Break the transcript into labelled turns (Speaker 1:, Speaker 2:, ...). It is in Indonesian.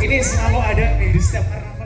Speaker 1: ini selalu ada di setiap karena